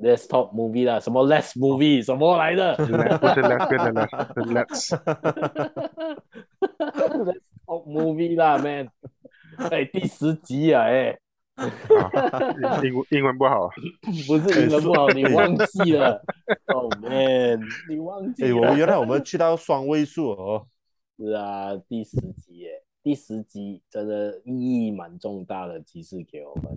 Let's talk movie 啦，什麼 let's movie，什麼來的 let's，係 let's，let's talk movie 啦，man。誒、欸，第十集啊、欸，誒。英文英文不好。不是英文不好，你忘記了。 oh man，你忘記了。誒、欸，我原來我們去到雙位數哦。是啊，第十集誒，第十集真的意義蠻重大的，揭示給我們。